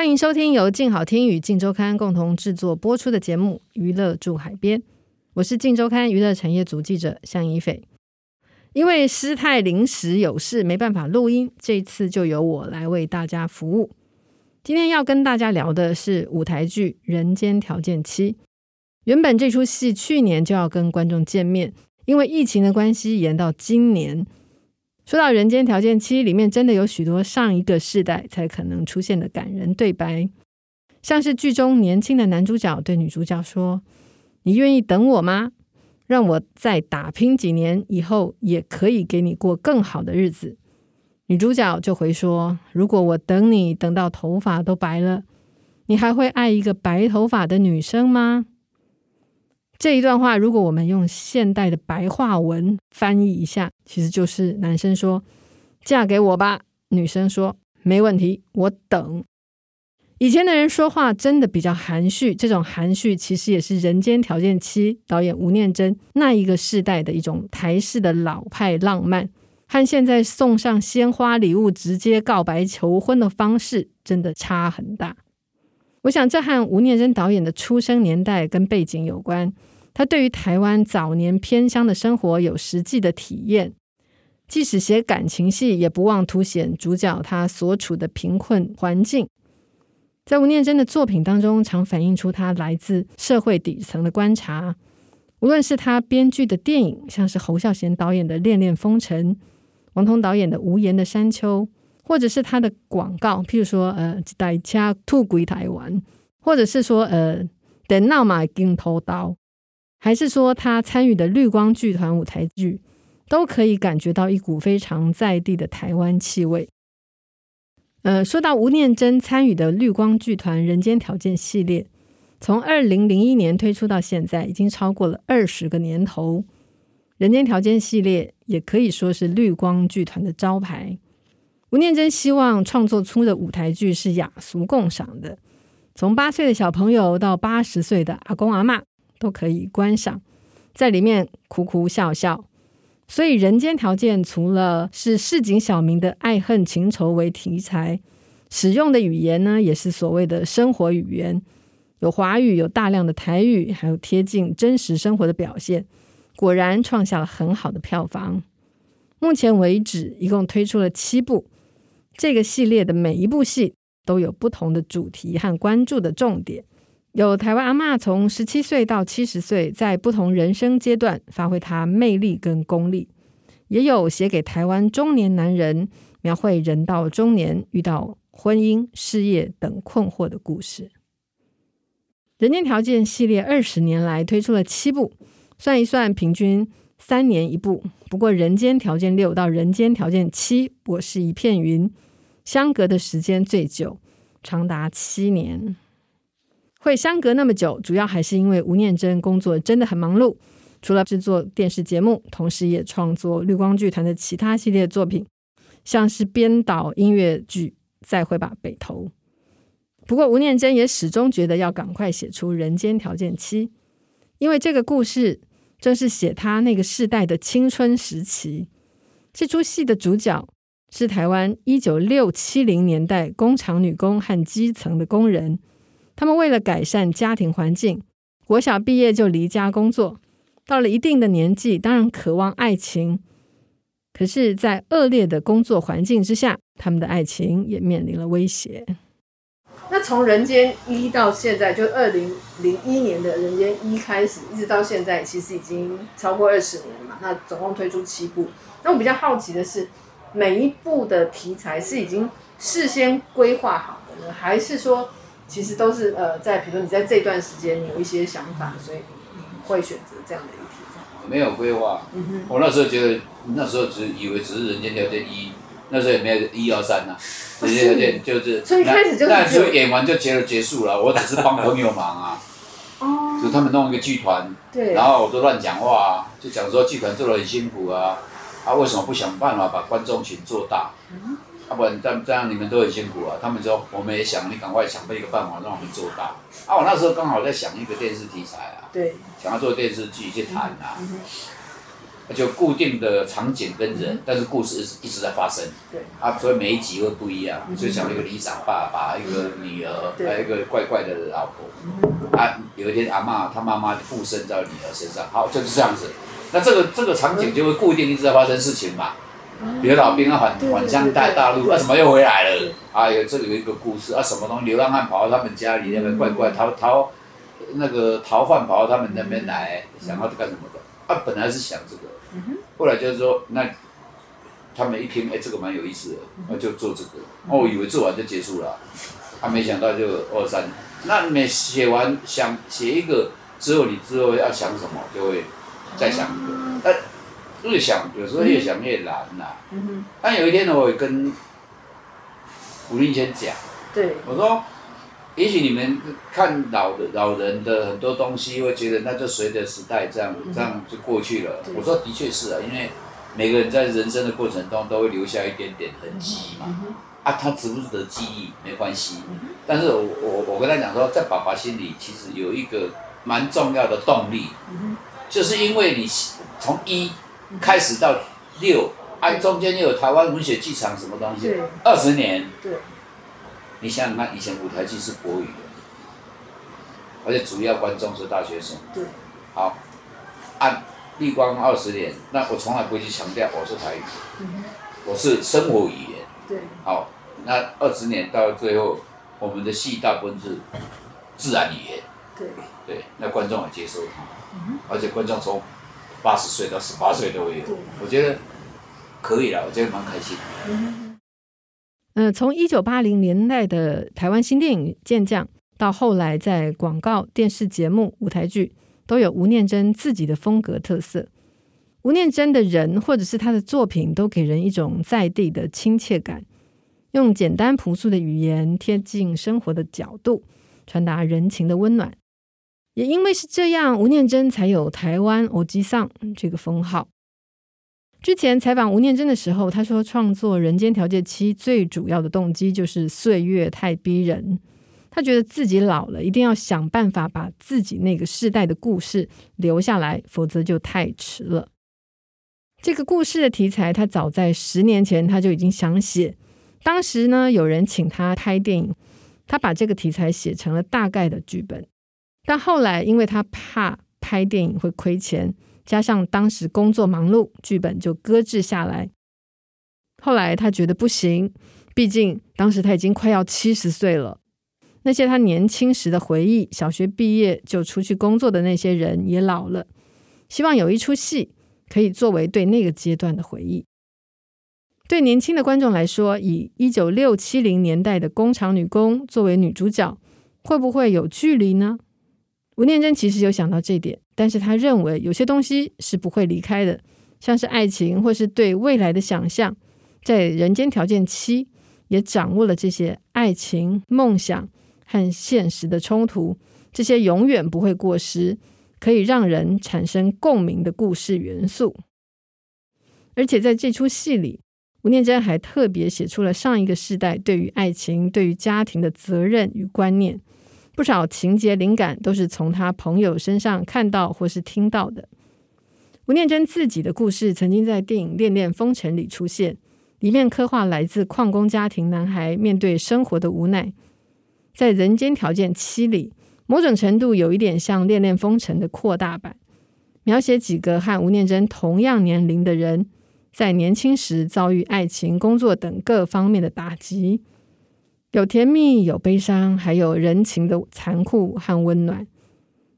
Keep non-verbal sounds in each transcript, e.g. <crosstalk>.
歡迎收聽由靜好聽與靜週刊共同制作播出的節目《娛樂駐海邊》，我是靜週刊娛樂產業組記者向以斐。因為師太臨時有事，沒辦法錄音，這次就由我來為大家服務。今天要跟大家聊的是舞台劇《人間條件七》。原本這出戲去年就要跟觀眾見面，因為疫情的關係，延到今年。說到《人間條件七》裡面，真的有許多上一個世代才可能出現的感人對白，像是劇中年輕的男主角對女主角說：“你願意等我嗎？讓我再打拼幾年以後，也可以給你過更好的日子。”女主角就回說：“如果我等你等到頭髮都白了，你還會愛一個白頭髮的女生嗎？”這一段話，如果我們用現代的白話文翻譯一下，其實就是男生說：“嫁給我吧。”女生說：“沒問題，我等。”以前的人說話真的比較含蓄，這種含蓄其實也是《人間條件七》導演吳念真那一個時代的一種台式的老派浪漫，和現在送上鮮花禮物、直接告白求婚的方式真的差很大。我想，這和吳念真導演的出生年代跟背景有關。他對於台灣早年偏鄉的生活有實際的體驗，即使寫感情戲，也不忘凸顯主角他所處的貧困環境。在吳念真的作品當中，常反映出他來自社會底層的觀察。無論是他編劇的電影，像是侯孝賢導演的《戀戀風塵》，王童導演的《無言的山丘》。或者是他的廣告，譬如說，呃，大家吐歸台灣，或者是說，呃，在鬧馬鏡頭刀，還是說他參與的綠光劇團舞台劇，都可以感覺到一股非常在地的台灣氣味。呃，說到吳念真參與的綠光劇團《人間條件》系列，從二零零一年推出到現在，已經超過了二十個年頭，《人間條件》系列也可以說是綠光劇團的招牌。吳念真希望創作出的舞台劇是雅俗共賞的，從八歲的小朋友到八十歲的阿公阿嬤都可以觀賞，在裡面哭哭笑笑。所以，人間條件除了是市井小民的愛恨情仇為題材，使用的語言呢，也是所謂的生活語言，有華語，有大量的台語，還有貼近真實生活的表現，果然創下了很好的票房。目前為止，一共推出了七部。這個系列的每一部戲都有不同的主題和關注的重點，有台灣阿嬤從十七歲到七十歲，在不同人生階段發揮她魅力跟功力，也有寫給台灣中年男人，描繪人到中年遇到婚姻、事業等困惑的故事。人間條件系列二十年來推出了七部，算一算平均三年一部。不過人間條件六到人間條件七，我是一片雲。相隔的時間最久，長達七年。會相隔那麼久，主要還是因為吳念真工作真的很忙碌，除了制作電視節目，同時也創作綠光劇團的其他系列作品，像是編導音樂劇《再會吧北投》。不過，吳念真也始終覺得要趕快寫出《人間條件七》，因為這個故事正是寫他那個世代的青春時期。這出戲的主角。是台灣一九六七零年代工廠女工和基層的工人，他們為了改善家庭環境，國小畢業就離家工作，到了一定的年紀，當然渴望愛情。可是，在惡劣的工作環境之下，他們的愛情也面臨了威脅。那從《人間一》到現在，就二零零一年的《人間一》開始，一直到現在，其實已經超過二十年了嘛。那總共推出七部。那我比較好奇的是。每一部的題材是已經事先規劃好的呢，還是說其實都是呃在，比如你在這段時間有一些想法，所以你會選擇這樣的一個題材？沒有規劃，嗯哼，我那時候覺得那時候只以為只是人間條件一，那時候也沒有一二三吶、啊，人間條件就是從一 <laughs> 開始就是覺得那，那時候演完就結了結束了，我只是幫朋友忙啊， <laughs> 就他們弄一個劇團，對，然後我都亂講話啊，就講說劇團做得很辛苦啊。啊，為什麼不想辦法把觀眾群做大？要、嗯啊、不然這樣這樣你們都很辛苦啊。他們說我們也想，你趕快想一個辦法讓我們做大。啊，我那時候剛好在想一個電視題材啊，對，想要做電視劇去談啊，嗯嗯、就固定的場景跟人，嗯、哼但是故事一直在發生，對，啊，所以每一集會不一樣，就、嗯、哼想一個理想爸爸、嗯、哼一個女兒，還有、嗯、哼一個怪怪的老婆，嗯、哼啊，有一天阿媽她媽媽附身在女兒身上，好，就是這樣子。那這個這個場景就會固定一直在發生事情嘛？嗯、比如，老兵要對對對對啊，返返鄉帶大陸啊，什麼又回來了？對對對對啊，有這裡有一個故事啊，什麼東西流浪漢跑到他們家裡那邊，怪怪逃逃，逃，那個逃犯跑到他們那邊來，想要幹什麼的？他、啊、本來是想這個，後來就是說那，他們一聽，哎、欸，這個蠻有意思的，我就做這個。哦，我以為做完就結束了，他、啊、沒想到就二三。那每寫完想寫一個之後，你之後要想什麼就會。再想，但越，嗯啊，想有時候越想越難吶，啊。但，嗯哼啊，有一天我也跟吳定謙講，對，我說，也許你們看老的老人的很多東西，會覺得那就隨着時代這樣，嗯、哼這樣就過去了。對我說的確是啊，因為每個人在人生的過程中都會留下一點點痕跡嘛，嗯嗯啊。他值不值得記憶沒關係。嗯，哼但是我我，我跟他講說，在爸爸心裡其實有一個蠻重要的動力。嗯就是因為你從一開始到六對，按、啊、中間又有台灣文學劇場什麼東西，二十對年，你對你像那以前舞台劇是國語的，對而且主要觀眾是大學生，對，好，按綠光二十年，那我從來不會去強調我是台語，對我是生活語言，對，好，那二十年到最後，我們的戲大部分是自然語言。對，那觀眾也接受他，而且觀眾從八十歲到十八歲都有。我覺得可以了，我覺得蠻開心。嗯，呃，從一九八零年代的台灣新電影健將，到後來在廣告、電視節目、舞台劇都有吳念真自己的風格特色。吳念真的人，或者是他的作品，都給人一種在地的親切感，用簡單樸素的語言，貼近生活的角度，傳達人情的溫暖。也因為是這樣，吳念真才有“台灣歐吉桑」這個封號。之前採訪吳念真的時候，他說創作《人間條件七》最主要的動機就是歲月太逼人，他覺得自己老了，一定要想辦法把自己那個世代的故事留下來，否則就太遲了。這個故事的題材，他早在十年前他就已經想寫。當時呢，有人請他拍電影，他把這個題材寫成了大概的劇本。但後來，因為他怕拍電影會虧錢，加上當時工作忙碌，劇本就擱置下來。後來他覺得不行，畢竟當時他已經快要七十歲了。那些他年輕時的回憶，小學畢業就出去工作的那些人也老了。希望有一出戲可以作為對那個階段的回憶。對年輕的觀眾來說，以一九六七零年代的工廠女工作為女主角，會不會有距離呢？吳念真其實有想到這一點，但是他認為有些東西是不會離開的，像是愛情或是對未來的想象，在人間條件七也掌握了這些愛情、夢想和現實的衝突，這些永遠不會過時，可以讓人產生共鳴的故事元素。而且在這出戲裡，吳念真還特別寫出了上一個世代對於愛情、對於家庭的責任與觀念。不少情節靈感都是從他朋友身上看到或是聽到的。吳念真自己的故事曾經在電影《戀戀風塵》裡出現，裡面刻畫來自礦工家庭男孩面對生活的無奈，在人間條件七裡，某種程度有一點像《戀戀風塵》的擴大版，描寫幾個和吳念真同樣年齡的人，在年輕時遭遇愛情、工作等各方面的打擊。有甜蜜，有悲傷，還有人情的殘酷和溫暖。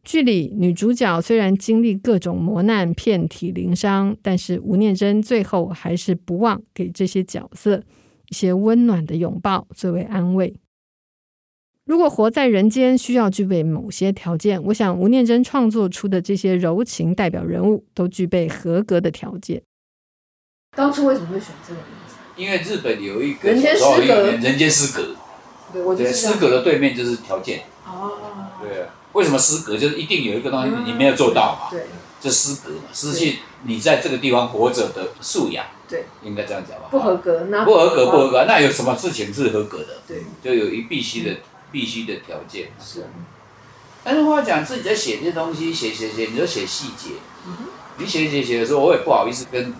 劇裡女主角雖然經歷各種磨難，遍體鱗傷，但是吳念真最後還是不忘給這些角色一些溫暖的擁抱，作為安慰。如果活在人間需要具備某些條件，我想吳念真創作出的這些柔情代表人物都具備合格的條件。當初為什麼會選這個？因為日本有一個，所有“人間失格”，對，失格的對面就是條件。哦，對啊，為什麼失格？就是一定有一個東西你沒有做到嘛。對。這失格嘛，失去你在這個地方活着的素養。對。應該這樣講吧。不合格那？不合格，不合格，那有什麼事情是合格的？對。就有一必須的必須的條件。是。但是話講，自己在寫這些東西，寫寫寫，你就寫細節。嗯哼。你寫寫寫的時候，我也不好意思跟。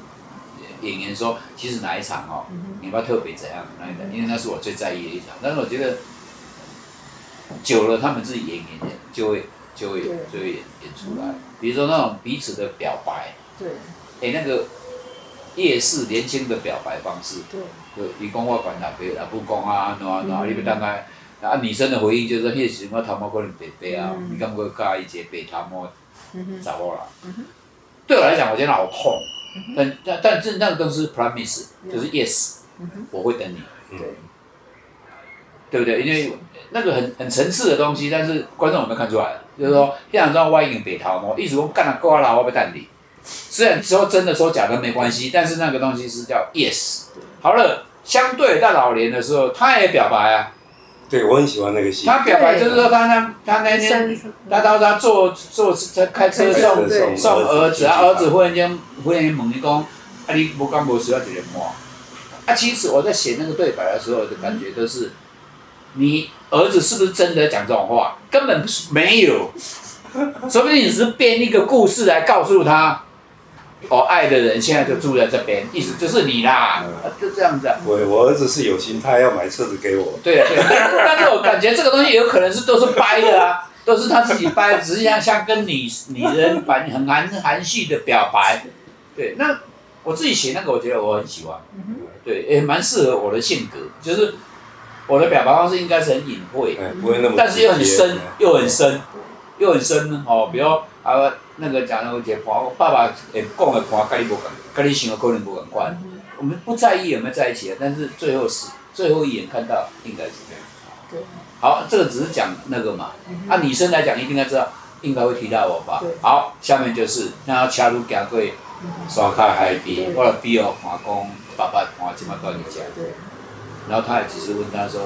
演員說：“其實哪一場哦，你不要特別怎樣，那場，因為那是我最在意的一場。但是我覺得，久了他們自己演演演，就會就會就會演演出來。比如說那種彼此的表白，哎，那個夜市年輕的表白方式，對，伊講我管他個，也不講啊，哪哪哪，你不等下，啊女生的回應就是那時我他們可能跌跌啊，你敢講加一節被他們咋個啦？對我來講，我覺得好痛。”嗯、但但但是那個東西 promise 就是 yes、嗯、哼我會等你，對、嗯、對不對？因為那個很很層次的東西，但是觀眾有沒有看出來？就是說，現場知道外影北逃嘛，一直公幹了呱啦，我不淡定。雖然說真的說假的沒關係，但是那個東西是叫 yes。對好了，相對在老年的時候，他也表白啊。對，我很喜歡那個戲。他表白就是說，他那他那天，他到他坐坐車，他開車送送兒子，然後兒子忽然間忽然間猛一動，阿你無干無事要怎樣嘛？那其實我在寫那個對白的時候的感覺就是，你兒子是不是真的講這種話？根本不是沒有，說不定你是編一個故事來告訴他。我、哦、愛的人現在就住在這邊，嗯、意思就是你啦，嗯啊、就這樣子、啊。我我兒子是有心態要買車子給我。對，但是我感覺這個東西有可能是都是掰的啊， <laughs> 都是他自己掰的。只是像，像跟女女人反很含，含蓄的表白。對，那我自己寫那個，我覺得我很喜歡。對，也蠻適合我的性格，就是我的表白方式應該是很隱晦，不會那麼，但是又很深，嗯、又很深，又很深。哦，比如啊。那個講了我個，我爸爸爸會講的，爸，家你不講，家你想的可能不趕快。嗯、哼我們不在意有沒有在一起啊，但是最後是最後一眼看到，應該是這樣。對，好，這個只是講那個嘛。按、嗯哼啊、女生來講，一定要知道，應該會提到我吧。對好，下面就是，然後如路車路經過，刷卡、嗯、哼海邊，對對對對我來比爾看爸爸看我怎麼跟你講。對然後他還只是問他說，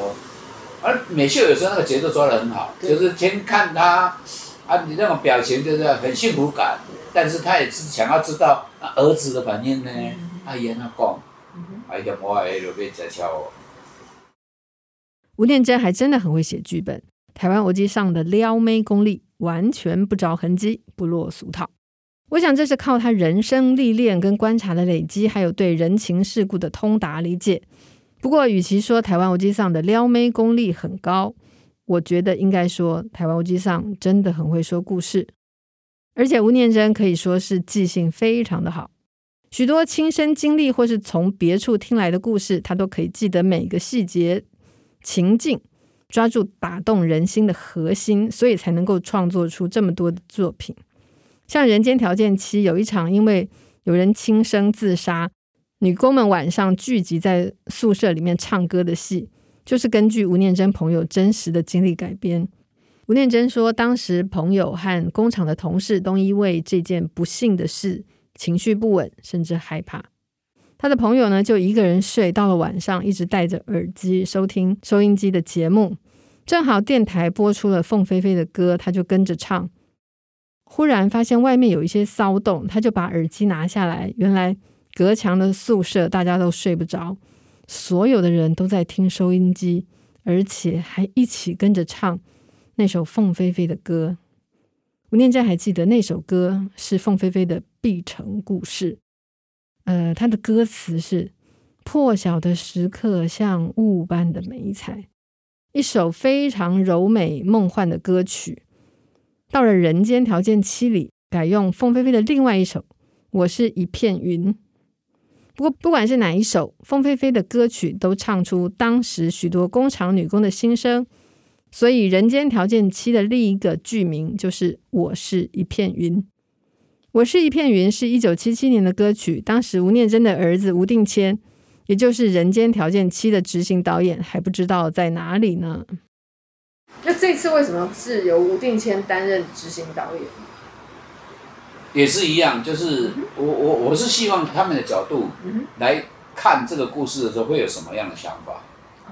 而、啊、美秀有時候那個節奏抓得很好，對就是先看他。啊，你那種表情就是很幸福感，但是他也是想要知道他，啊、兒子的反應呢。他也那講，哎呀，我哎，路邊在敲。吳念真還真的很會寫劇本，台灣歐吉桑的撩妹功力完全不着痕跡，不落俗套。我想這是靠他人生歷練跟觀察的累積，還有對人情世故的通達理解。不過，與其說台灣歐吉桑的撩妹功力很高，我覺得應該說，台灣烏機上真的很會說故事，而且吳念真可以說是記性非常的好，許多親身經歷或是從別處聽來的故事，他都可以記得每個細節、情境，抓住打動人心的核心，所以才能夠創作出這麼多的作品。像《人間條件》七有一場，因為有人輕生自殺，女工們晚上聚集在宿舍裡面唱歌的戲。就是根據吳念真朋友真實的經歷改編。吳念真說，當時朋友和工廠的同事都因為這件不幸的事，情緒不穩，甚至害怕。他的朋友呢，就一個人睡，到了晚上一直戴着耳機收聽收音機的節目。正好電台播出了鳳飛飛的歌，他就跟着唱。忽然發現外面有一些騷動，他就把耳機拿下來。原來隔牆的宿舍大家都睡不着。所有的人都在聽收音機，而且還一起跟着唱那首鳳飛飛的歌。吳念真還記得那首歌是鳳飛飛的《碧城故事》，呃，他的歌詞是“破曉的時刻像霧般的美彩”，一首非常柔美夢幻的歌曲。到了人間條件七裡，改用鳳飛飛的另外一首《我是一片雲》。不過，不管是哪一首，鳳飛飛的歌曲都唱出當時許多工廠女工的心聲。所以，《人間條件七》的另一個劇名就是“我是一片雲”。《我是一片雲》是一九七七年的歌曲，當時吳念真的兒子吳定謙，也就是《人間條件七》的執行導演，還不知道在哪裡呢。那這次為什麼是由吳定謙擔任執行導演？也是一樣，就是我我我是希望他們的角度來看這個故事的時候，會有什麼樣的想法？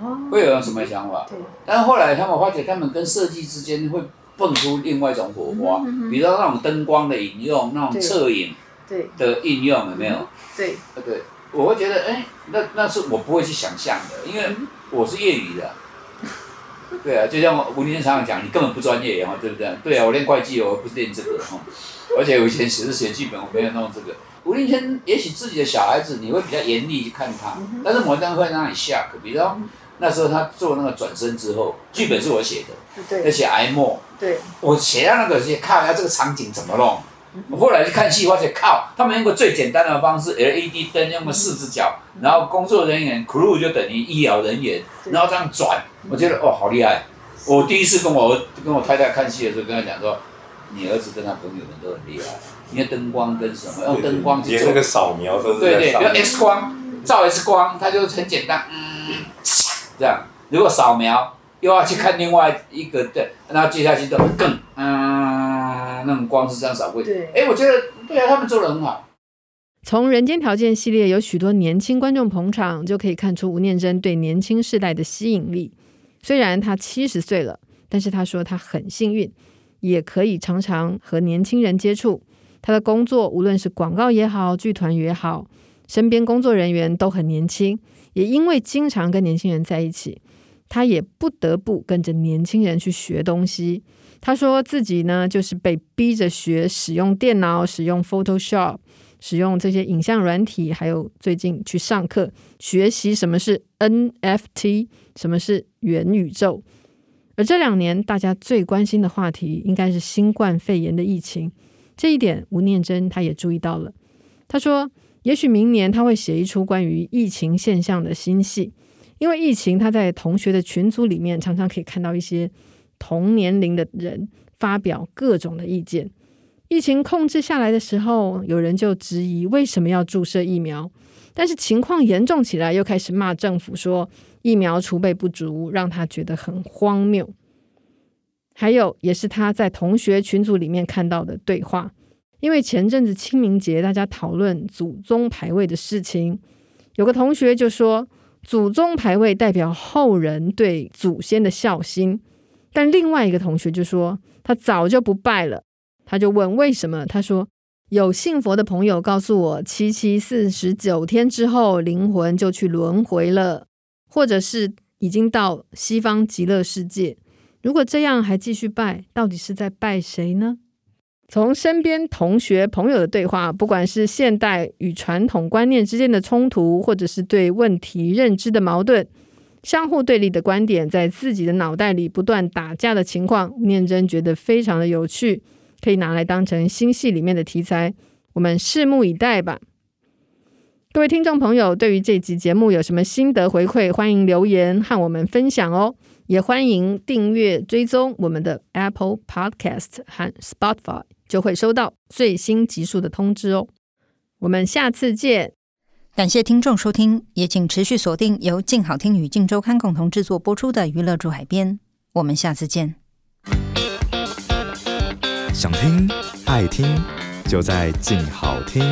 哦，會有什麼想法？對。但是後來他們發覺，他們跟設計之間會蹦出另外一種火花，嗯嗯、比如說那種燈光的引用，那種側影對的應用有沒有？對。對，我會覺得，哎、欸，那那是我不會去想象的，因為我是業餘的。對啊，就像我吳林泉常常講，你根本不專業、啊，哈，對不對？對啊，我練會計，我不是練這個，哦。而且我以前寫是寫劇本，我沒有弄這個。吳林泉也許自己的小孩子，你會比較嚴厲去看他，嗯、哼但是我一定會讓你嚇笑。比如說、嗯、哼那時候他做那個轉身之後，劇本是我寫的，那寫哀默，對，寫 more, 對我寫到那個時看一他這個場景怎麼弄？嗯、哼我後來去看戲，發現靠，他們用過最簡單的方式，LED 燈用個四只腳，嗯、哼然後工作人員、嗯、哼 crew 就等於醫療人員，對然後這樣轉。我覺得哦，好厲害！我第一次跟我跟我太太看戲的時候，跟他講說，你兒子跟他朋友們都很厲害。你的燈光跟什麼？用燈光接那個掃描，對，對對，用 X 光照 S 光，它就很簡單，嗯，這樣。如果掃描又要去看另外一個，對，然後接下去就更嗯、呃，那種光是這樣掃過去。哎對、欸，我覺得對啊，他們做的很好。從《人間條件》系列有許多年輕觀眾捧場，就可以看出吳念真對年輕世代的吸引力。雖然他七十歲了，但是他說他很幸運，也可以常常和年輕人接觸。他的工作無論是廣告也好，劇團也好，身邊工作人員都很年輕。也因為經常跟年輕人在一起，他也不得不跟着年輕人去學東西。他說自己呢，就是被逼着學使用電腦，使用 Photoshop。使用這些影像軟體，還有最近去上課學習什麼是 NFT，什麼是元宇宙。而這兩年大家最關心的話題，應該是新冠肺炎的疫情。這一點，吳念真他也注意到了。他說：“也許明年他會寫一出關於疫情現象的新戲，因為疫情，他在同學的群組裡面常常可以看到一些同年齡的人發表各種的意見。”疫情控制下來的時候，有人就質疑為什麼要注射疫苗，但是情況嚴重起來，又開始罵政府說疫苗儲備不足，讓他覺得很荒謬。還有，也是他在同學群組裡面看到的對話，因為前陣子清明節，大家討論祖宗牌位的事情，有個同學就說祖宗牌位代表後人對祖先的孝心，但另外一個同學就說他早就不拜了。他就問為什麼？他說有信佛的朋友告訴我，七七四十九天之後靈魂就去輪回了，或者是已經到西方極樂世界。如果這樣還繼續拜，到底是在拜誰呢？從身邊同學朋友的對話，不管是現代與傳統觀念之間的衝突，或者是對問題認知的矛盾，相互對立的觀點在自己的腦袋裡不斷打架的情況，念真覺得非常的有趣。可以拿來當成新戲裡面的題材，我們拭目以待吧。各位聽眾朋友，對於這集節目有什麼心得回饋，歡迎留言和我們分享哦。也歡迎訂閱追蹤我們的 Apple Podcast 和 Spotify，就會收到最新集數的通知哦。我們下次見，感謝聽眾收聽，也請持續鎖定由鏡好聽與鏡週刊共同製作播出的《娛樂住海邊》，我們下次見。想聽，愛聽，就在靜好聽。